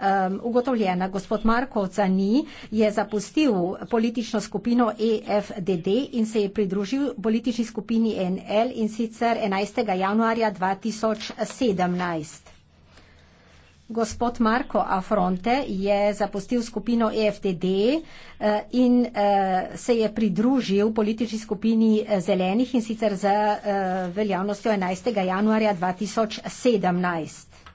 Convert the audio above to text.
um, ugotovljena. Gospod Marko Cani je zapustil politično skupino EFDD in se je pridružil politični skupini NL in sicer 11. januarja 2017. Gospod Marko Afronte je zapustil skupino EFDD eh, in eh, se je pridružil politični skupini eh, zelenih in sicer z veljavnostjo 11. januarja 2017.